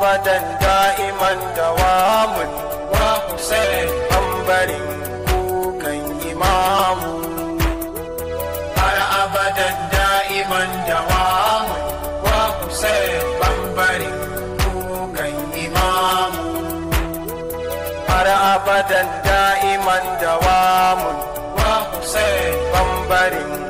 badan da'iman dawamun wa Hussein bambarin kukan imamu har abadan da'iman dawamun wa Hussein kan kukan imamu har abadan da'iman dawamun wa Hussein bambarin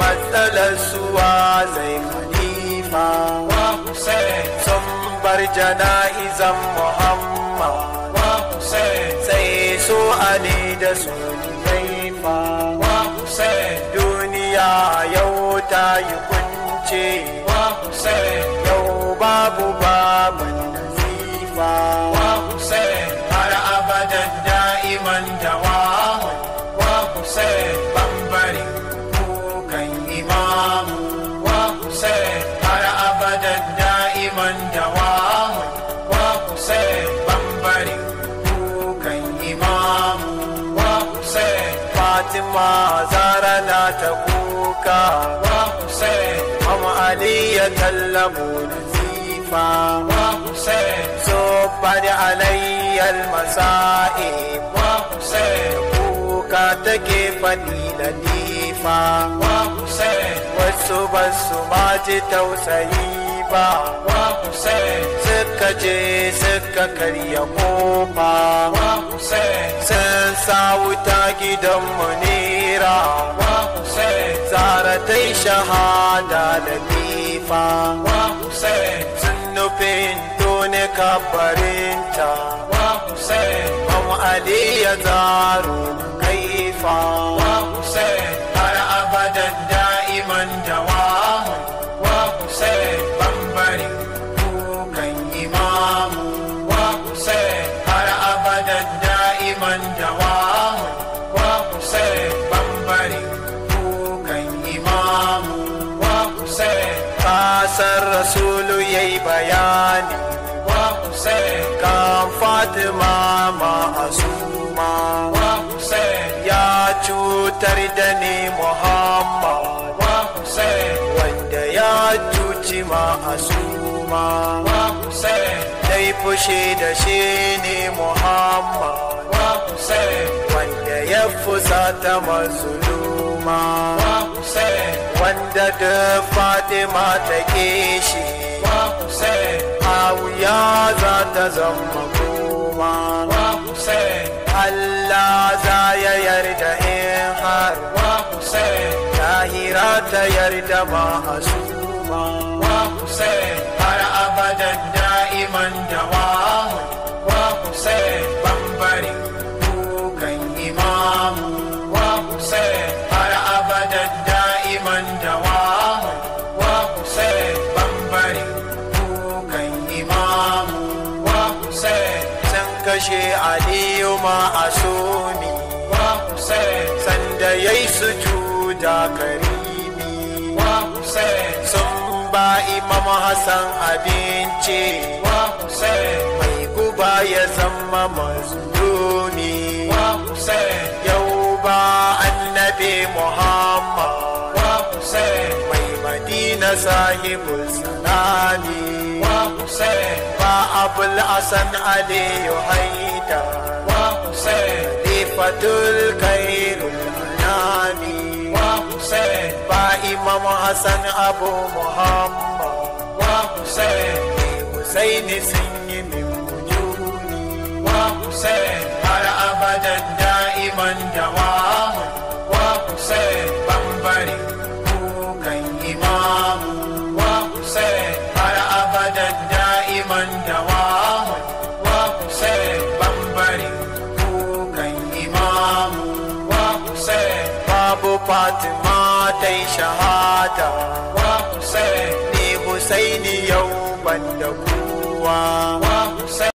matsalar suwa wa jana'izan Muhammad wa sai so Ali da su wa duniya yau ta yi kunce yau babu babu nasifa wa har abadan da'iman dawa ibadan da'iman wa bambari kukan imamu wa fatima zara na ta kuka wa ku sai ali ya wa alayyar wa kuka take fadi da nifa wa su ba su ma ji tausayi ba wa Hussein suka je suka karya kofa wa Hussein sun sa wuta gidan munira wa Hussein zara ta yi shahada da nifa wa Hussein sun nufin tone kafarinta wa Hussein Ali ya zaro kaifa wa Hussein dawamu wa kusare bambare kukan imamu wa kusare kasar rasulu yayi bayani wa kusare kan fatima ma'asuma wa kusare ya cutar da ni muhammad wa kusare wanda ya cuci ma'asuma wa kusare dai fushi da shi ne muhammad wa ya fusata mazuluma wanda da fatima ta ke shi ya za ta zama kuma Allah za ya yarda in har Tahira ta yarda ba hasuma har abadan da'iman da wa Hussein bambarin kashe aliyu ni. wa Hussein sanda su sujuda karimi wa Hussein sun ba imam Hassan abinci wa Hussein mai guba ya zama mazlumi wa Hussein yau ba annabi Muhammad da sahibul sunani wa Hussein ba Abul Hasan Aliyu Haida wa Hussein Khalifatul Khairul Anani wa Hussein ba Imam Hassan Abu Muhammad wa Hussein Hussein sun yi min wa Hussein har abadan da'iman dawama wa Hussein bambari abu fatima ta yi shahada wa husaini ni husaini yau ban da kowa